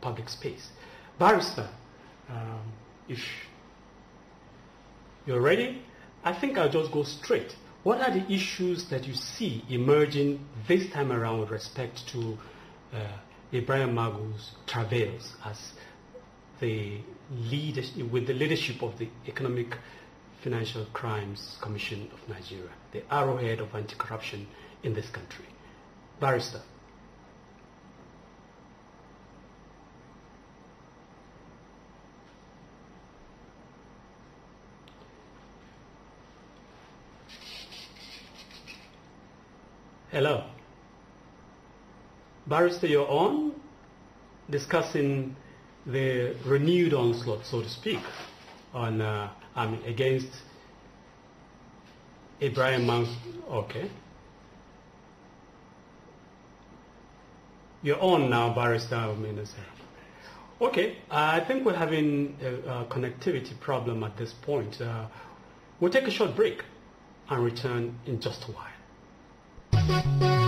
the public space. Barrister, um, if you're ready, I think I'll just go straight. What are the issues that you see emerging this time around with respect to uh, Ibrahim Magu's travails as the lead, with the leadership of the Economic Financial Crimes Commission of Nigeria, the arrowhead of anti-corruption in this country? Barrister. hello. Barrister, you're on, discussing the renewed onslaught, so to speak, on uh, I mean, against Ibrahim Mans. Okay. You're on now, Barrister Minister. Uh, okay, I think we're having a, a, connectivity problem at this point. Uh, we'll take a short break and return in just a while. Thank you.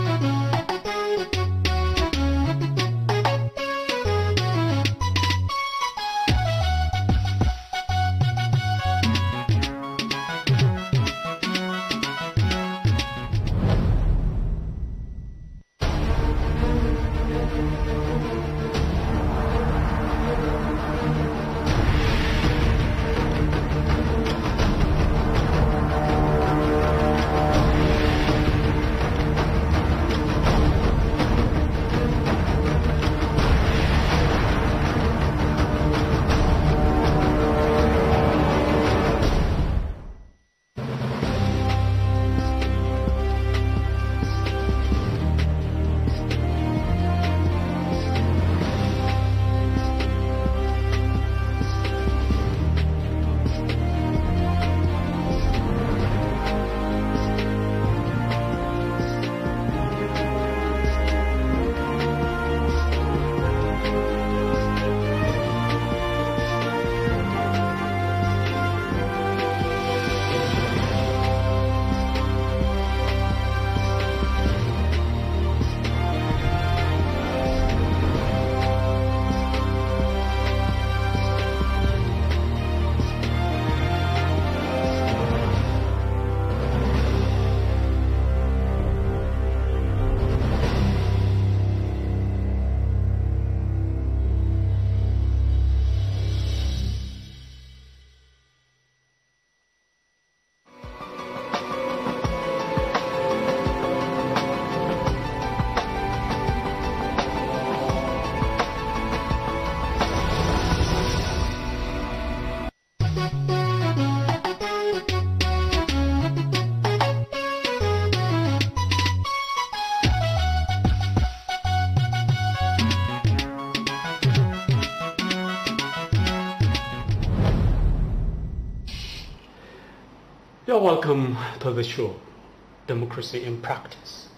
welcome to the show, Democracy in Practice.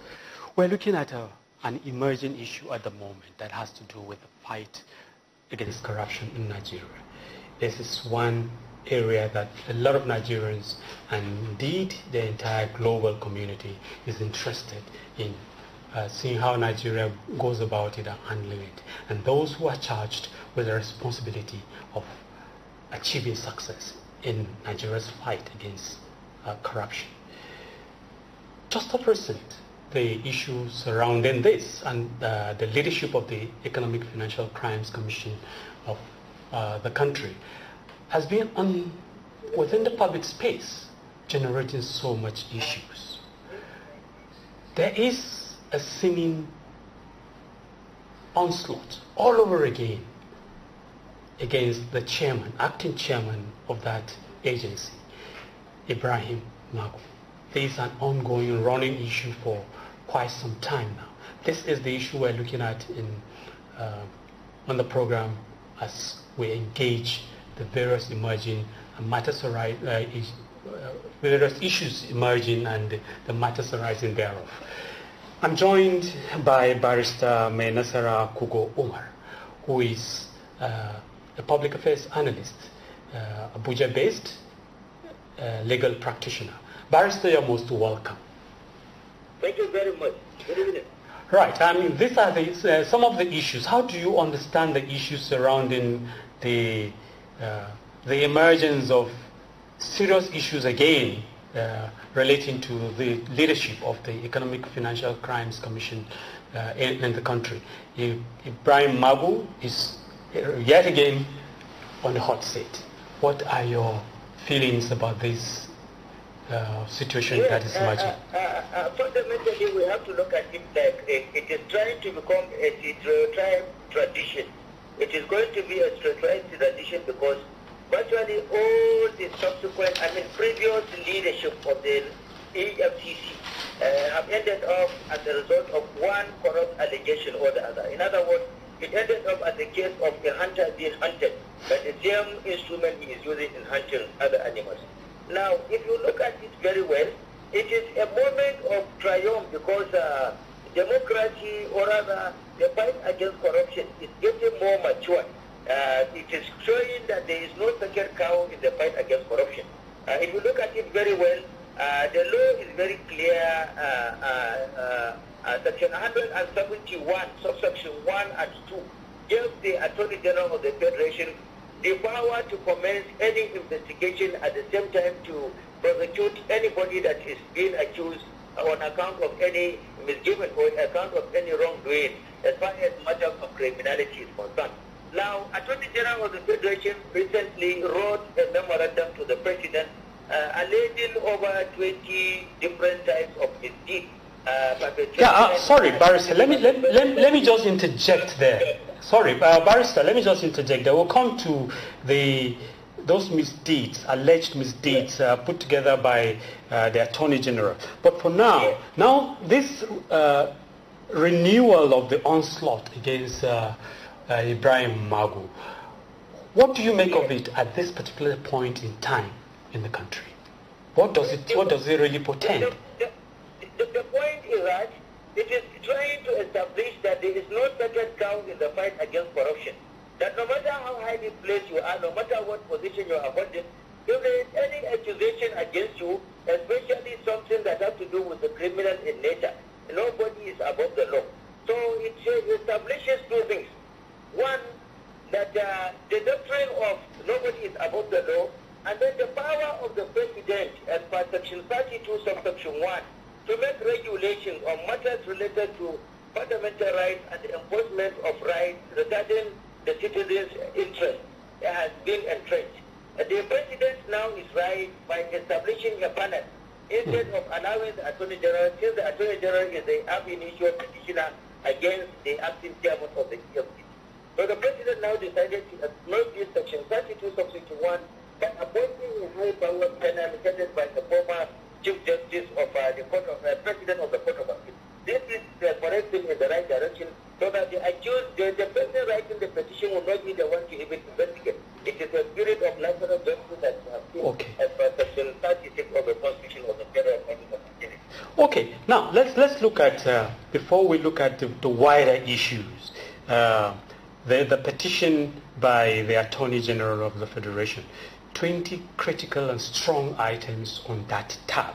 We're looking at a, uh, an emerging issue at the moment that has to do with the fight against corruption in Nigeria. This is one area that a lot of Nigerians and indeed the entire global community is interested in uh, seeing how Nigeria goes about it and handling it. And those who are charged with the responsibility of achieving success in Nigeria's fight against uh, corruption. Just at present, the issues surrounding this and uh, the leadership of the Economic Financial Crimes Commission of uh, the country has been within the public space generating so much issues. There is a seeming onslaught all over again against the chairman, acting chairman of that agency. Ibrahim Magu. This is an ongoing running issue for quite some time now. This is the issue we're looking at in uh, on the program as we engage the various emerging uh, matters arise, uh, uh, various issues emerging and the matters arising thereof. I'm joined by Barrister Menasara Kugo Umar, who is uh, a public affairs analyst, Abuja-based, uh, legal practitioner. Barrister, you're most welcome. Thank you very much. Right. I mean, these are the, uh, some of the issues. How do you understand the issues surrounding the uh, the emergence of serious issues again uh, relating to the leadership of the Economic Financial Crimes Commission uh, in, in, the country? Ibrahim Magu is uh, yet again on the hot seat. What are your feelings about this uh, situation yes, that is emerging? Uh, fundamentally, uh, uh, uh, we have to look at it like it is trying to become a retrotribe tradition. It is going to be a retrotribe tradition because virtually all the subsequent, I mean, previous leadership of the AFCC have ended up as a result of one corrupt allegation or the other. In other words, it ended up as a case of a hunter being hunted by the same instrument he is using in hunting other animals. Now, if you look at it very well, it is a moment of triumph because uh, democracy, or rather the fight against corruption, is getting more mature. Uh, it is showing that there is no sacred cow in the fight against corruption. Uh, if you look at it very well, uh, the law is very clear uh, uh, uh, Section 171, subsection 1 and 2, gives the Attorney General of the Federation the power to commence any investigation at the same time to prosecute anybody that is being accused on account of any misgiving or on account of any wrongdoing as far as matters of criminality is concerned. Now, Attorney General of the Federation recently wrote a memorandum to the President uh, alleging over 20 different types of misdeeds yeah, uh, sorry, barrister. Let me let, let, let me just interject there. Sorry, uh, barrister. Let me just interject there. We'll come to the those misdeeds, alleged misdeeds uh, put together by the attorney general. But for now, now this renewal of the onslaught against Ibrahim Magu. What do you make of it at this particular point in time in the country? What does it What does it really portend? The, the, the, Raj, it is trying to establish that there is no sacred cow in the fight against corruption. That no matter how highly placed you are, no matter what position you are holding, if there is any accusation against you, especially something that has to do with the criminal in nature, nobody is above the law. So it establishes two things. One, that uh, the doctrine of nobody is above the law, and then the power of the president as per section 32, subsection 1, to make regulations on matters related to fundamental rights and the enforcement of rights regarding the citizens' interests has been entrenched. The president now is right by establishing a panel instead of allowing the attorney general, since the attorney general is the ab initio petitioner against the acting chairman of the EFCC. So the president now decided to exploit this section 32, subsection 1, that appointing a high-powered panel headed by the former Chief Justice of uh, the Court of uh, President of the Court of Appeal. This is the uh, correct thing in the right direction so that the accused, the, the person writing the petition will not be the one to even investigate. It is a spirit of national justice that has been okay. as per uh, section 36 of the Constitution of the Federal Republic of Nigeria. Okay, now let's, let's look at, uh, before we look at the, the wider issues, uh, the, the petition by the Attorney General of the Federation. 20 critical and strong items on that tab.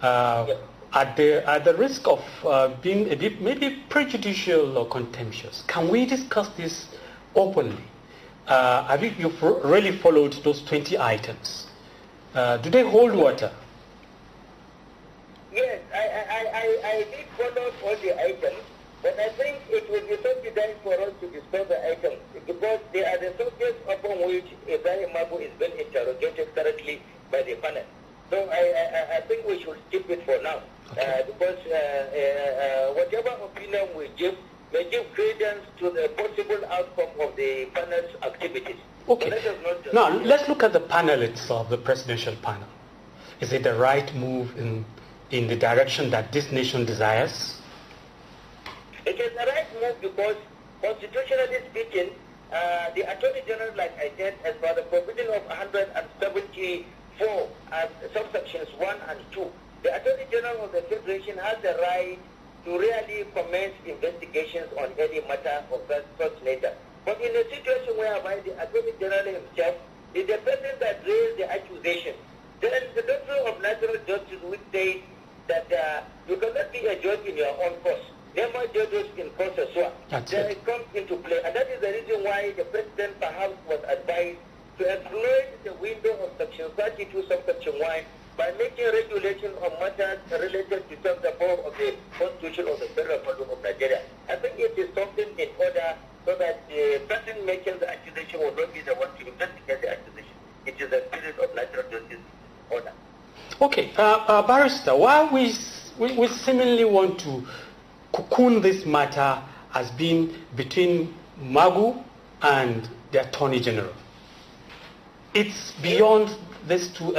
Uh, yep. at, the, at the risk of uh, being a bit maybe prejudicial or contemptuous, can we discuss this openly? Uh, have you you've really followed those 20 items? Uh, do they hold water? Yes, I, I, I, I did follow all the items. But I think it will be so for us to dispose the items because they are the subjects upon which Ibrahim Mabu is being interrogated currently by the panel. So I, I, I think we should keep it for now okay. uh, because uh, uh, uh, whatever opinion we give may give credence to the possible outcome of the panel's activities. Okay. Let now let's look at the panel itself, the presidential panel. Is it the right move in, in the direction that this nation desires? It is the right move because, constitutionally speaking, uh, the Attorney General, like I said, as for the provision of 174 and uh, subsections 1 and 2, the Attorney General of the Federation has the right to really commence investigations on any matter of that such nature. But in a situation whereby the Attorney General himself is the person that raised the accusation, then the doctrine of natural justice would say that uh, you cannot be a judge in your own cause demo judges in process work. That's then it. comes into play. And that is the reason why the president perhaps was advised to exploit the window of Section 32, Subsection 1 by making regulation on matters related to self above of the Constitution of the Federal Republic of Nigeria. I think it is something in order so that the person making the accusation will not be the one to investigate the accusation. It is a spirit of natural justice order. Okay, uh, uh, Barrister, why we, we, we seemingly want to cocoon this matter as being between Magu and the Attorney General. It's beyond these two uh, uh,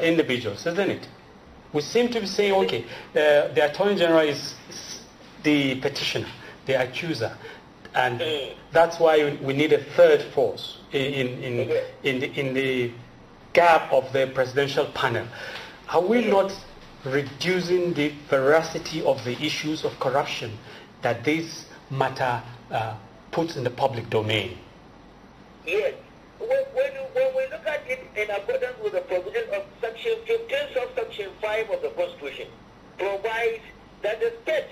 uh, individuals, isn't it? We seem to be saying, okay, uh, the Attorney General is the petitioner, the accuser, and mm. that's why we need a third force in, in, in, in the, in the gap of the presidential panel. Are we not reducing the veracity of the issues of corruption that this matter uh, puts in the public domain. Yes. When, when, when, we look at it in accordance with the provision of Section 15, Subsection 5 of the Constitution, provides that the state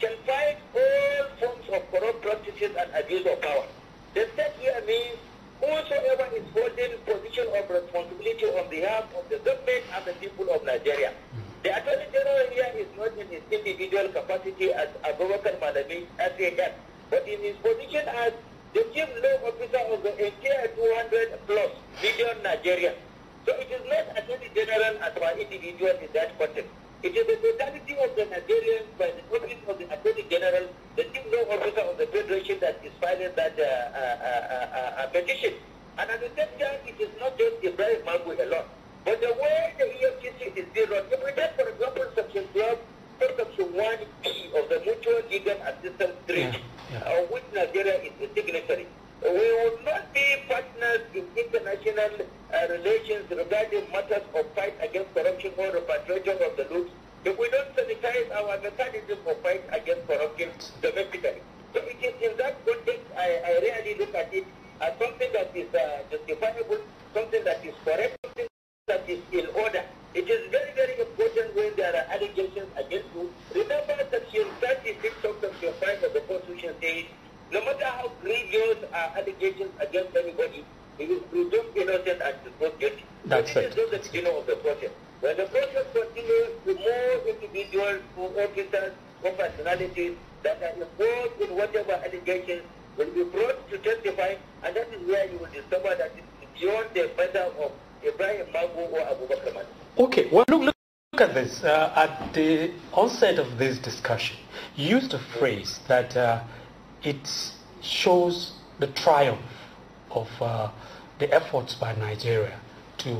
shall fight all forms of corrupt practices and abuse of power. The state here means whosoever is holding position of responsibility on behalf of the government and the people of Nigeria. Mm -hmm. The Attorney General here is not in his individual capacity as a as Malami SAF, but in his position as the chief law officer of the entire 200 plus million Nigerians. So it is not Attorney General as an individual in that context. It is the totality of the Nigerians by the office of the Attorney General, the chief law officer of the Federation that is filing that uh, uh, uh, uh petition. And at the same time, it is not just Ibrahim Magwe alone. But the way the EFCC is being run, Okay, well, look, look, look at this. Uh, at the onset of this discussion, you used a phrase that uh, it shows the triumph of uh, the efforts by Nigeria to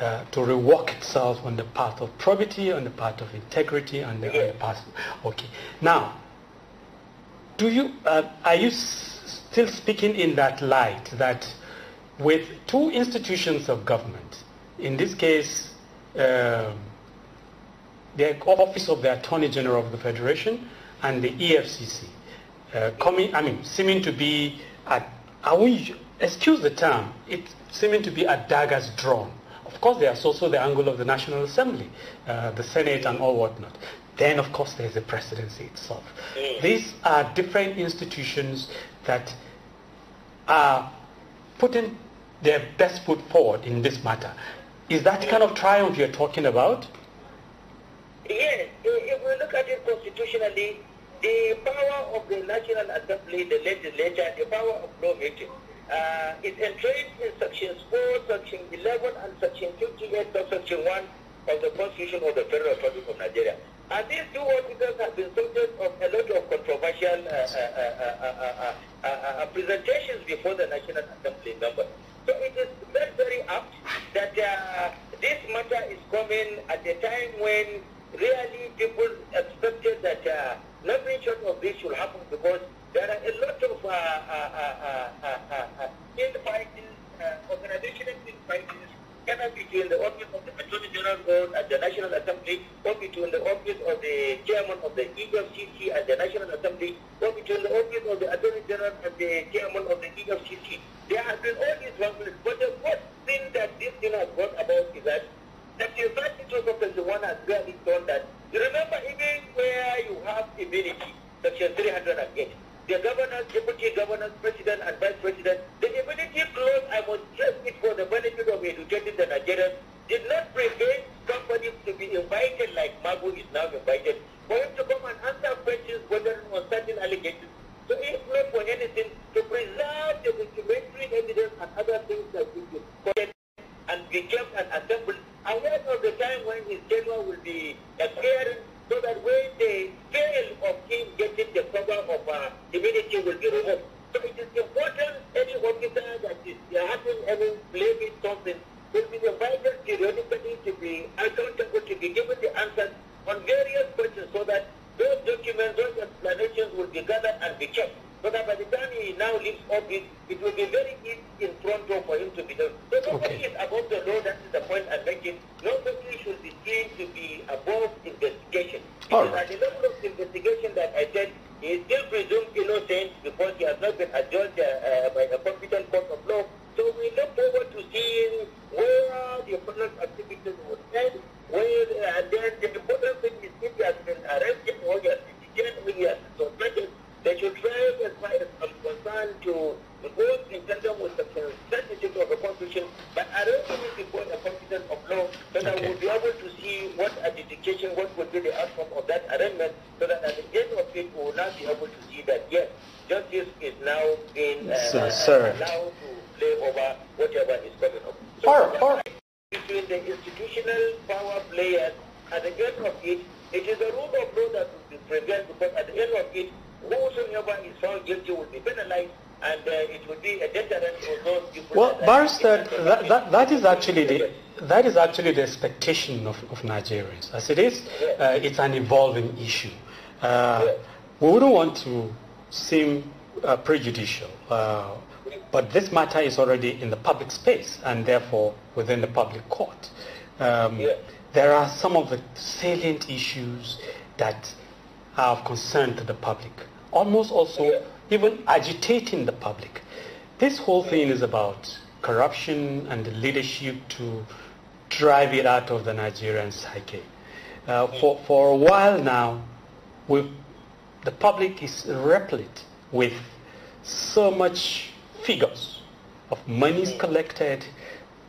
uh, to rework itself on the path of probity, on the path of integrity, on the, on the path. Okay, now, do you uh, are you still speaking in that light that with two institutions of government in this case, uh, the Office of the Attorney General of the Federation and the EFCC uh, coming, I mean, seeming to be at, I will excuse the term, it seeming to be a daggers drawn. Of course, there's also the angle of the National Assembly, uh, the Senate and all whatnot. Then, of course, there's the presidency itself. Mm. These are different institutions that are putting their best foot forward in this matter. Is that kind of triumph you're talking about? Yes. If we look at it constitutionally, the power of the National Assembly, the legislature, the power of lawmaking uh, is entrenched in Sections 4, Section 11, and Section 58, Section 1 of the Constitution of the Federal Republic of Nigeria. And these two articles have been subject of a lot of controversial uh, uh, uh, uh, uh presentations before the National Assembly members. So it is very, very apt that uh, this matter is coming at a time when really people expected that uh, nothing short of this will happen because there are a lot of uh, uh, uh, uh, uh, uh, uh, uh organizational Either between the office of the Attorney General Board and the National Assembly, or between the office of the Chairman of the EFCC and the National Assembly, or between the office of the Attorney General and the Chairman of the EFCC. There have been all these wrongdoings, but the worst thing that this thing has brought about is that the University of 2021 has barely done that. You remember even where you have immunity, Section 308 the governors, deputy governors, president, and vice president, the stability clause, I must stress it for the benefit of educating the Nigerians, did not prevent somebody to be invited like Magu is now invited, for him to come and answer questions whether on certain allegations. So if not for anything, to preserve the documentary evidence and other things that we could collect and be kept and assembled ahead of the time when his general will be appearing so that when the fail of him getting the cover of uh, immunity will be removed. So it is important any officer that is having any blame in something will be invited periodically to be accountable, to be given the answers on various questions so that those documents, those explanations will be gathered and be checked. So that by the time he now leaves office, it will be very easy in of for him to be done. So nobody okay. is ours, that, that, that is actually the that is actually the expectation of, of Nigerians. As it is, uh, it's an evolving issue. Uh, we wouldn't want to seem uh, prejudicial, uh, but this matter is already in the public space and therefore within the public court. Um, there are some of the salient issues that are of concern to the public, almost also even agitating the public. This whole thing is about corruption and the leadership to drive it out of the Nigerian psyche. Uh, for, for a while now, the public is replete with so much figures of monies collected,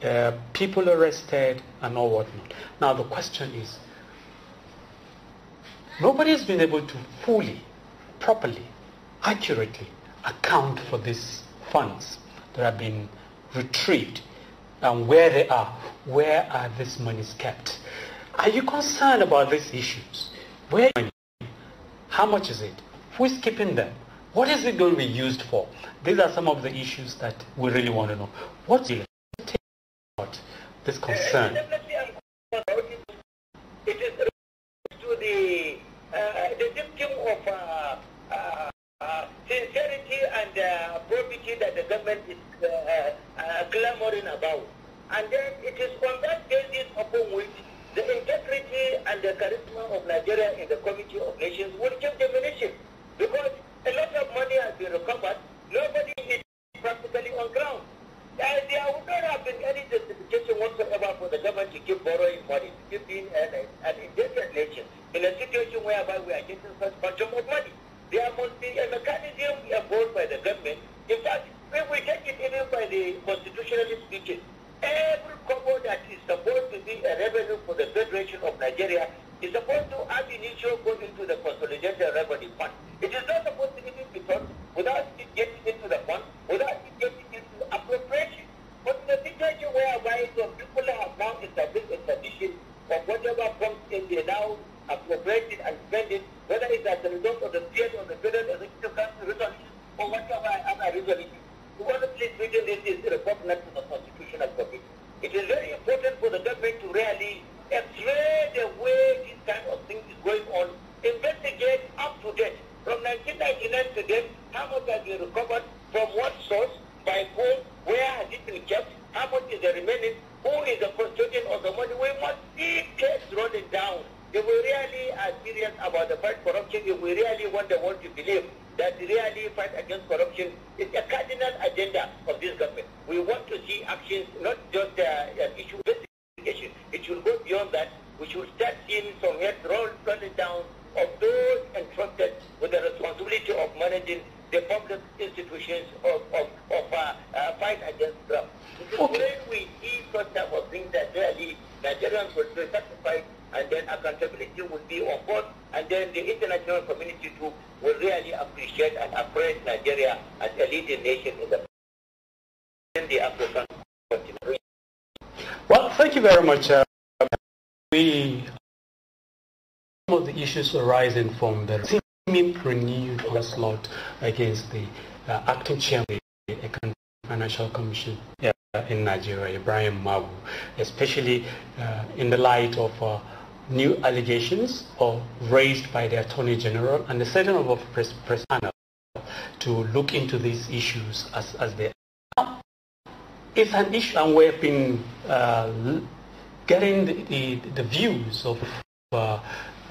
uh, people arrested, and all whatnot. Now the question is, nobody has been able to fully, properly, accurately account for these funds that have been retrieved and where they are, where are these monies kept? Are you concerned about these issues? Where How much is it? Who is keeping them? What is it going to be used for? These are some of the issues that we really want to know. What's it about this concern? It is to the, uh, the victim of uh, uh, uh sincerity and uh, probity that the government is Glamouring clamoring about. And then it is on that basis upon which the integrity and the charisma of Nigeria in the Committee of Nations will keep diminishing because a lot of money has been recovered. Nobody is practically on ground. And there would not have been any justification whatsoever for the government to keep borrowing money, to keep being an, an indebted nation in a situation whereby we are getting such quantum of money. There must be a mechanism involved by the government. In fact, if we take it even the constitutionally speaking, every kobo that is supposed to be a revenue for the Federation of Nigeria is supposed to add initial goes into the consolidated revenue fund. It is not supposed to be done without it getting into the fund, without it getting into appropriation. But in a situation whereby the people have now established a tradition of whatever comes in, they now appropriated and spend it, whether it's as a result of the fear of the Federal Executive Council resolution or whatever other resolution was please written this is a report not the constitutional committee. It is very important for the government to really x-ray the way this kind of thing is going on, investigate up to date. From 1999 to date, how much has been recovered, from what source, by whom, where has it been kept, how much is the remaining, who is the custodian of the money. We must see case running down. If we really are serious about the fight corruption, if we really want the world to believe that really fight against corruption is a cardinal agenda of this government. We want to see actions, not just uh, uh arising from the seeming renewed onslaught against the uh, acting chairman of the Financial Commission uh, in Nigeria, Ibrahim Mabu, especially uh, in the light of uh, new allegations raised by the Attorney General and the setting of a press, press panel to look into these issues as, as they are. It's an issue and we've been uh, getting the, the, the, views of uh,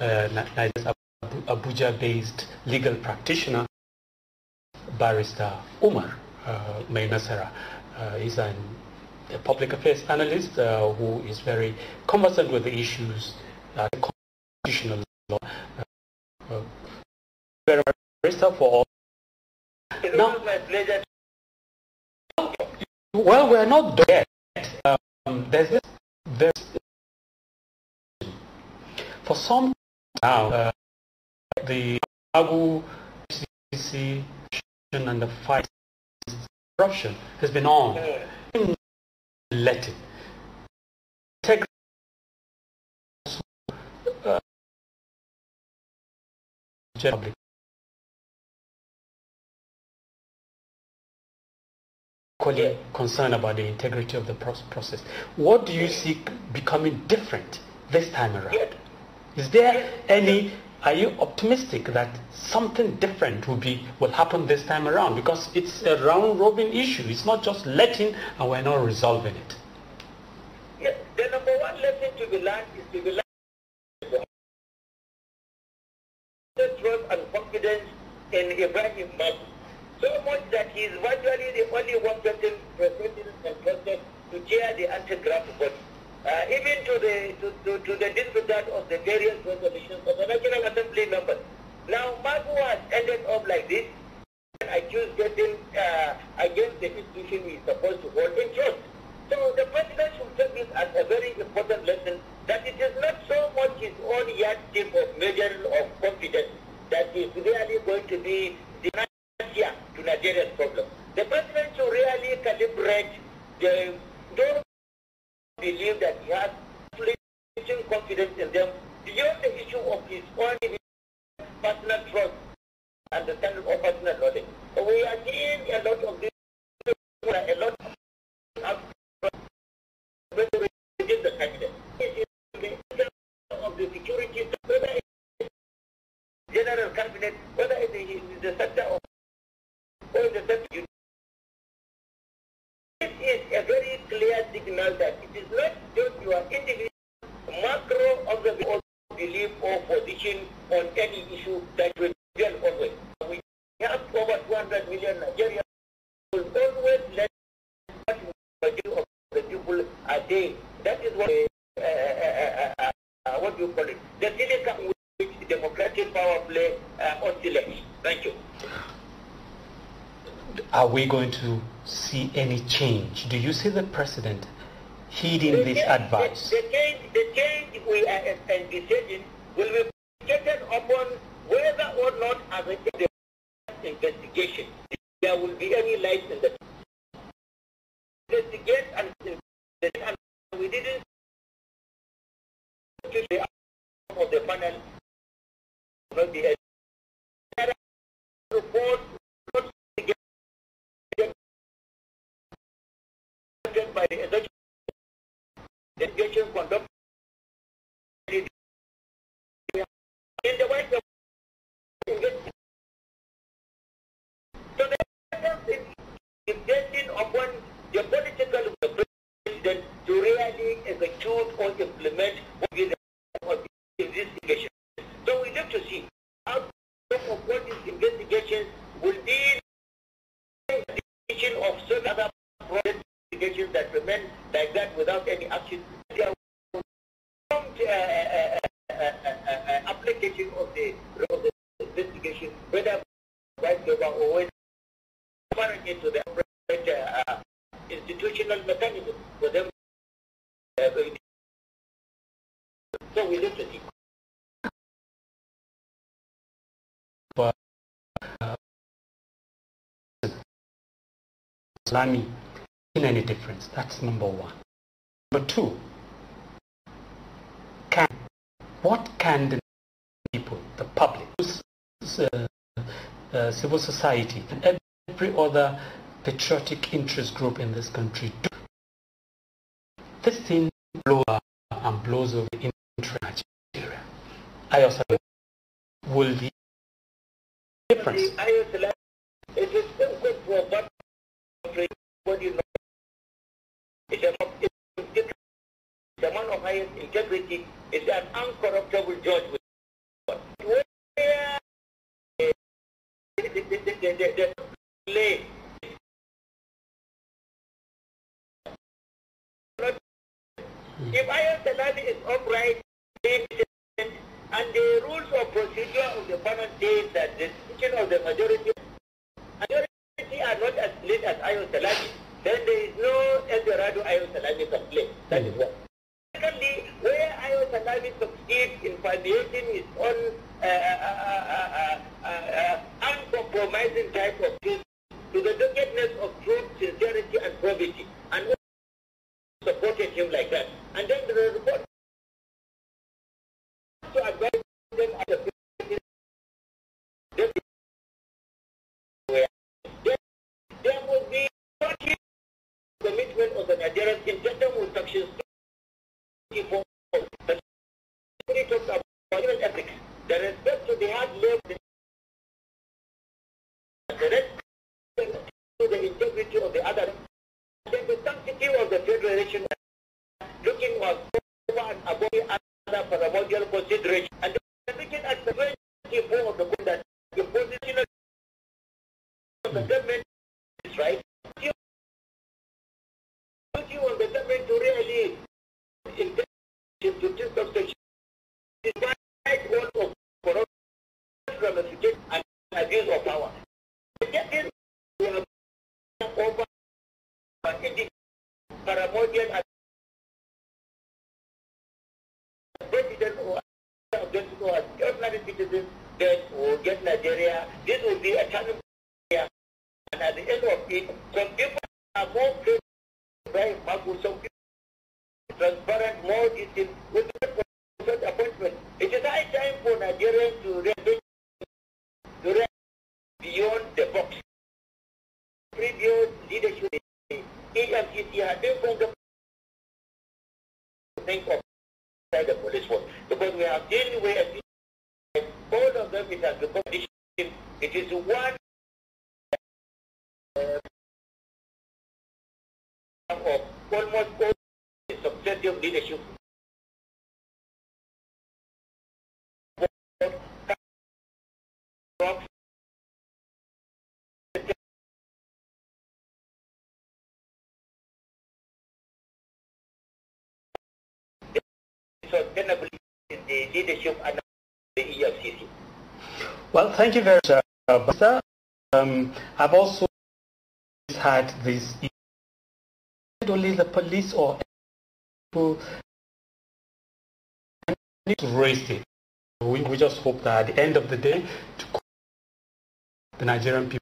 uh, Nigeria's Abuja-based legal practitioner, barrister Umar uh, Mainasara. Uh, he's an, a public affairs analyst uh, who is very conversant with the issues that constitutional law. Uh, uh, very barrister for all. It now, my pleasure. Well, we're not there yet. Um, there's this very for some now uh, the Agu HCC and the fight corruption has been on. Let it take public. equally concerned about the integrity of the process. What do you see becoming different this time around? Is there any, are you optimistic that something different will, be, will happen this time around? Because it's a round robin issue. It's not just letting and we're not resolving it. Yes, the number one lesson to be learned is to be learned trust and confidence in Ibrahim Babu So much that he is virtually the only one person presented and trusted to chair the anti-graft body uh, even to the to, to, to the disregard of the various resolutions of the National Assembly members. Now, Magu has ended up like this and accused getting uh, against the institution we is supposed to hold in trust. So the president should take this as a very important lesson that it is not so much his own yardstick of measure of confidence that is really going to be the Nigeria to Nigeria's problem. are we going to see any change? Do you see the president heeding the this change, advice? The, the, change, the change we are envisaging will be predicated upon whether or not, as a investigation, there will be any light in the investigate and, and we didn't the of the panel not the report by education, in the West. So the president is depending upon the political the president to really execute or implement Islami seen any difference. That's number one. Number two, can what can the people, the public, uh, uh, civil society, and every other patriotic interest group in this country do? This thing blows up and blows over in Nigeria. I also will be difference. It is difficult for highest integrity is an uncorruptible judge Where the, the, the, the, the If highest penalty is upright, and the rules of procedure of the panel say that the decision of the majority, majority are not as late as Ayo Salami, then there is no Eldorado Ayo Salami complaint. That is what. Secondly, where IO Sakami succeeds in palliating its own uh, uh, uh, uncompromising type of truth to the nakedness of truth, sincerity, and probity, and supported him like that. And then the report to advise them as a president. There will be commitment of the Nigerians in tandem with Section United will get Nigeria. This will be a turning point. And at the end of it, some people are more very powerful, some people transparent, more detailed, with appointment. It is high time for Nigerians to rethink beyond the box. Previous leadership, EMCC had been from the think of the police force because we are dealing with both of them it has the addiction. It is one uh, of almost all the successive leadership sustainability in the leadership and well, thank you very much, uh, Um, I've also had this only the police or people need to raise it. We, we just hope that at the end of the day, the Nigerian people.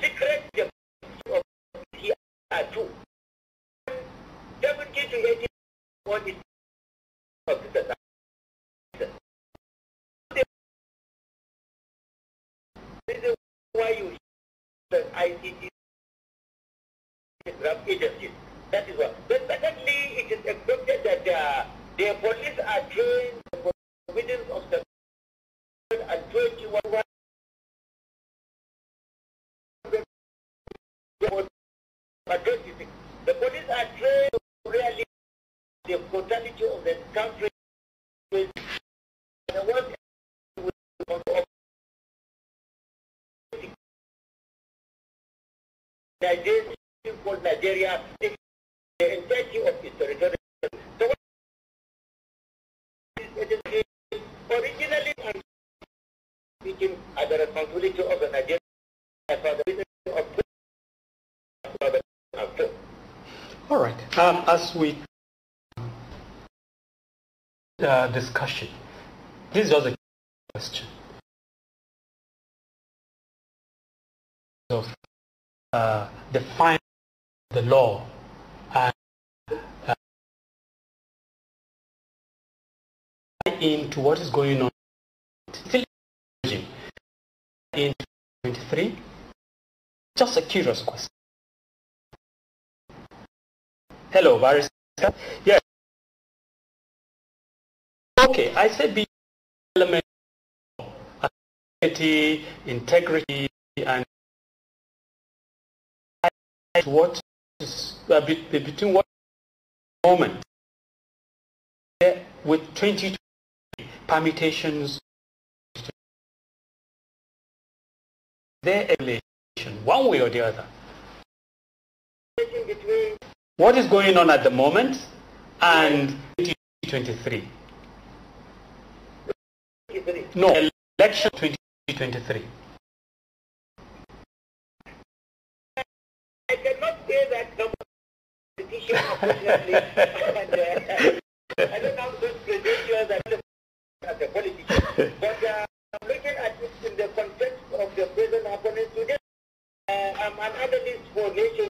secret uh, of what is the why you the ICT agencies. That is one. But secondly, it is expected that the police are trained the provisions of the and 21 Nigeria called Nigeria the entirety of its territory. So originally speaking are the responsibility of the Nigerian for the of all right. Um, as we uh, discussion, this was a question of uh, the fine the law and uh, into what is going on still in 23 just a curious question hello Varys yes okay I said be element integrity and what is uh, between what moment with 20 permutations their evaluation one way or the other what is going on at the moment and 2023 no election 2023 that the is unfortunately. and, uh, I don't those as a politician. But uh, I'm looking at this in the context of the present happening today. Uh, I'm an analyst for nations